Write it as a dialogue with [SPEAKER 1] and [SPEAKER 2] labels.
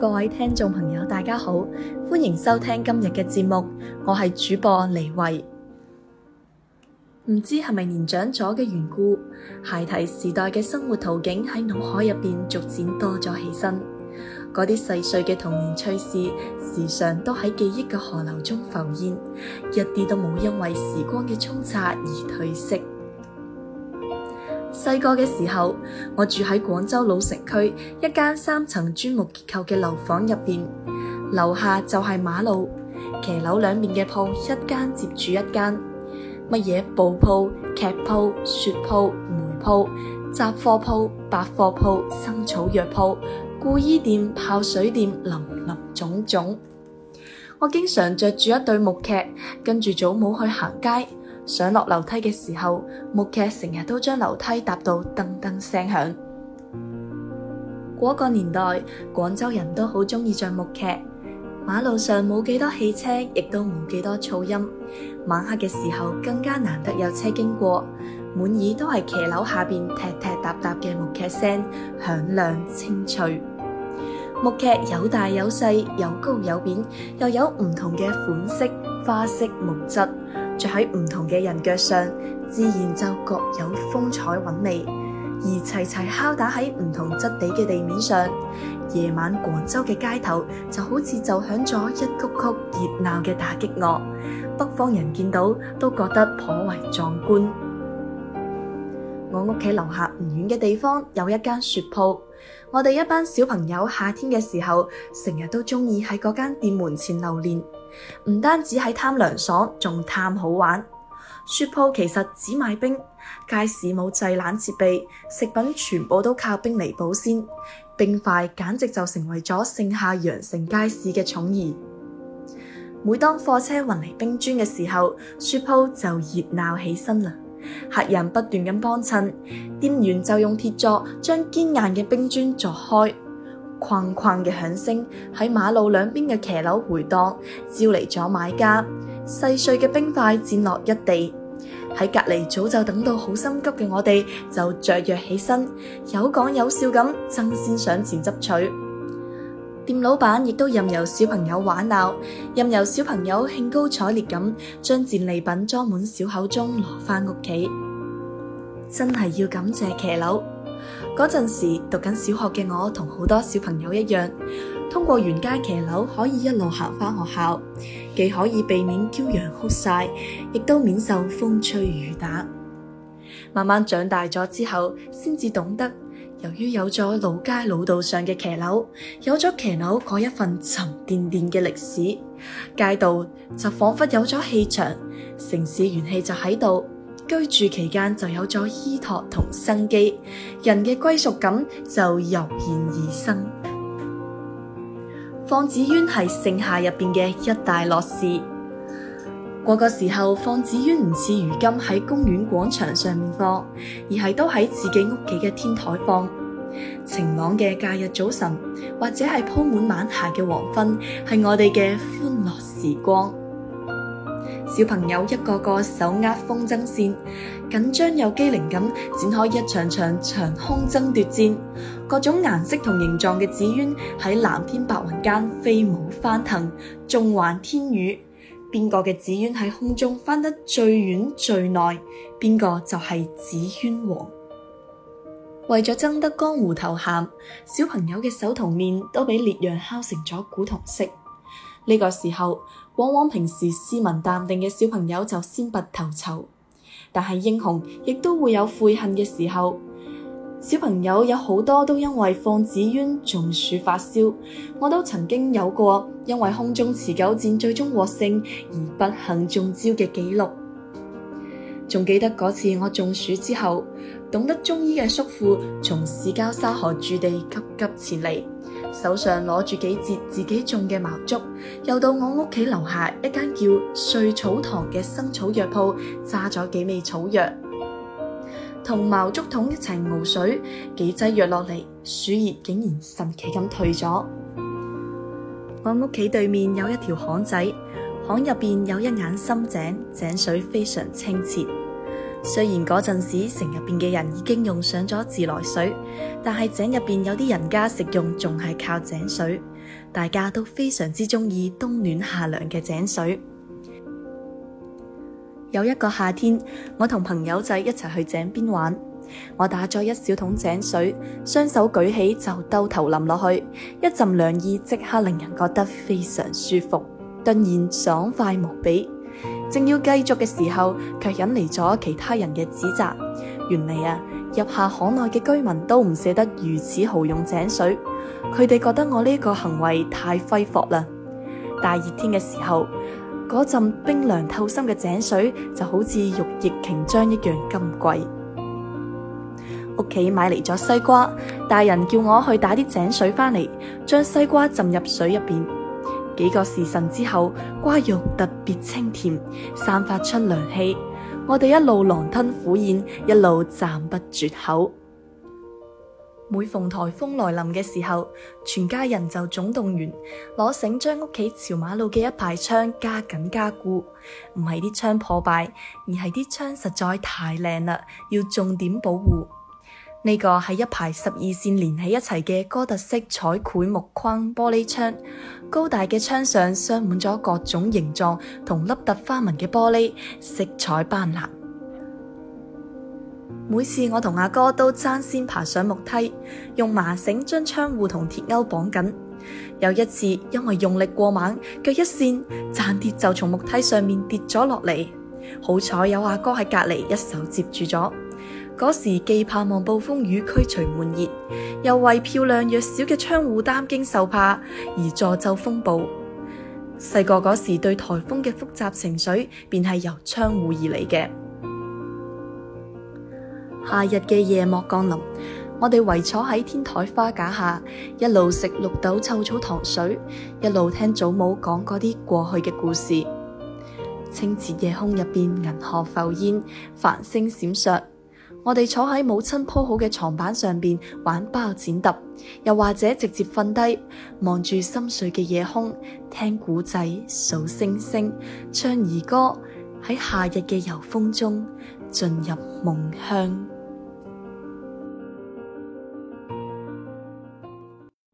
[SPEAKER 1] 各位聽眾朋友，大家好，歡迎收聽今日嘅節目，我係主播李慧。唔知係咪年長咗嘅緣故，孩提時代嘅生活圖景喺腦海入邊逐漸多咗起身，嗰啲細碎嘅童年趣事，時常都喺記憶嘅河流中浮現，一啲都冇因為時光嘅沖刷而褪色。細個嘅時候，我住喺廣州老城區一間三層磚木結構嘅樓房入邊，樓下就係馬路，騎樓兩面嘅鋪一間接住一間，乜嘢布鋪、屐鋪、雪鋪、煤鋪、雜貨鋪、百貨鋪、生草藥鋪、故衣店、泡水店，林林總總。我經常着住一對木屐，跟住祖母去行街。上落樓梯嘅時候，木屐成日都將樓梯踏到噔噔聲響。嗰個年代，廣州人都好中意着木屐。馬路上冇幾多汽車，亦都冇幾多噪音。晚黑嘅時候更加難得有車經過，滿耳都係騎樓下邊踢踢踏踏嘅木屐聲，響亮清脆。木屐有大有細，有高有扁，又有唔同嘅款式。花色、木質着喺唔同嘅人腳上，自然就各有風采韻味；而齊齊敲打喺唔同質地嘅地面上，夜晚廣州嘅街頭就好似奏響咗一曲曲熱鬧嘅打擊樂。北方人見到都覺得頗為壯觀。我屋企樓下唔遠嘅地方有一間雪鋪，我哋一班小朋友夏天嘅時候成日都中意喺嗰間店門前流連，唔單止係貪涼爽，仲貪好玩。雪鋪其實只賣冰，街市冇製冷設備，食品全部都靠冰嚟保鮮，冰塊簡直就成為咗盛夏羊城街市嘅寵兒。每當貨車運嚟冰磚嘅時候，雪鋪就熱鬧起身啦。客人不斷咁幫襯，店員就用鐵鑿將堅硬嘅冰磚鑿開，哐哐嘅響聲喺馬路兩邊嘅騎樓回盪，招嚟咗買家。細碎嘅冰塊濺落一地，喺隔籬早就等到好心急嘅我哋就雀躍起身，有講有笑咁爭先上前執取。店老闆亦都任由小朋友玩鬧，任由小朋友興高采烈咁將戰利品裝滿小口盅，攞翻屋企。真係要感謝騎樓。嗰陣時讀緊小學嘅我，同好多小朋友一樣，通過沿街騎樓可以一路行翻學校，既可以避免驕陽酷曬，亦都免受風吹雨打。慢慢長大咗之後，先至懂得。由於有咗老街老道上嘅騎樓，有咗騎樓嗰一份沉甸甸嘅歷史，街道就仿佛有咗氣場，城市元氣就喺度，居住期間就有咗依托同生機，人嘅歸屬感就油然而生。放紙鳶係盛夏入面嘅一大樂事。嗰個時候放紙鳶唔似如今喺公園廣場上面放，而係都喺自己屋企嘅天台放。晴朗嘅假日早晨，或者係鋪滿晚霞嘅黃昏，係我哋嘅歡樂時光。小朋友一個個手握風箏線，緊張又機靈咁展開一場場長空爭奪戰。各種顏色同形狀嘅紙鳶喺藍天白雲間飛舞翻騰，縱橫天宇。邊個嘅紙鳶喺空中翻得最遠最耐，邊個就係紙鳶王。為咗爭得江湖頭銜，小朋友嘅手同面都俾烈陽烤成咗古銅色。呢、這個時候，往往平時斯文淡定嘅小朋友就先拔頭籌，但係英雄亦都會有悔恨嘅時候。小朋友有好多都因為放紙鳶中暑發燒，我都曾經有過因為空中持久戰最終獲勝而不幸中招嘅記錄。仲記得嗰次我中暑之後，懂得中醫嘅叔父從市郊沙河住地急急前嚟，手上攞住幾節自己種嘅茅竹，又到我屋企樓下一間叫瑞草堂嘅生草藥鋪揸咗幾味草藥。同茅竹筒一齊熬水，幾劑藥落嚟，暑熱竟然神奇咁退咗。我屋企對面有一條巷仔，巷入邊有一眼深井，井水非常清澈。雖然嗰陣時城入邊嘅人已經用上咗自來水，但係井入邊有啲人家食用仲係靠井水，大家都非常之中意冬暖夏涼嘅井水。有一個夏天，我同朋友仔一齊去井邊玩。我打咗一小桶井水，雙手舉起就兜頭淋落去，一陣涼意即刻令人覺得非常舒服，頓然爽快無比。正要繼續嘅時候，卻引嚟咗其他人嘅指責。原來啊，入下巷內嘅居民都唔捨得如此豪用井水，佢哋覺得我呢個行為太揮霍啦。大熱天嘅時候。嗰陣冰涼透心嘅井水就好似玉液瓊漿一樣咁貴。屋企買嚟咗西瓜，大人叫我去打啲井水翻嚟，將西瓜浸入水入邊。幾個時辰之後，瓜肉特別清甜，散發出涼氣。我哋一路狼吞虎咽，一路讚不絕口。每逢颱風來臨嘅時候，全家人就總動員，攞繩將屋企朝馬路嘅一排窗加緊加固。唔係啲窗破敗，而係啲窗實在太靚啦，要重點保護。呢個係一排十二扇連起一齊嘅哥特式彩繪木框玻璃窗，高大嘅窗上鑲滿咗各種形狀同凹凸花紋嘅玻璃，色彩斑斕。每次我同阿哥，哥都爭先爬上木梯，用麻繩將窗戶同鐵鈎綁緊。有一次因為用力過猛，腳一跣，爭啲就從木梯上面跌咗落嚟。好彩有阿哥喺隔籬，一手接住咗。嗰時既盼望暴風雨驅除悶熱，又為漂亮弱小嘅窗戶擔驚受怕而助咒風暴。細個嗰時對颱風嘅複雜情緒，便係由窗戶而嚟嘅。夏日嘅夜幕降臨，我哋圍坐喺天台花架下，一路食綠豆臭草糖水，一路聽祖母講嗰啲過去嘅故事。清澈夜空入面，銀河浮煙，繁星閃爍。我哋坐喺母親鋪好嘅床板上面玩包剪揼，又或者直接瞓低，望住深邃嘅夜空，聽古仔，數星星，唱兒歌，喺夏日嘅柔風中進入夢鄉。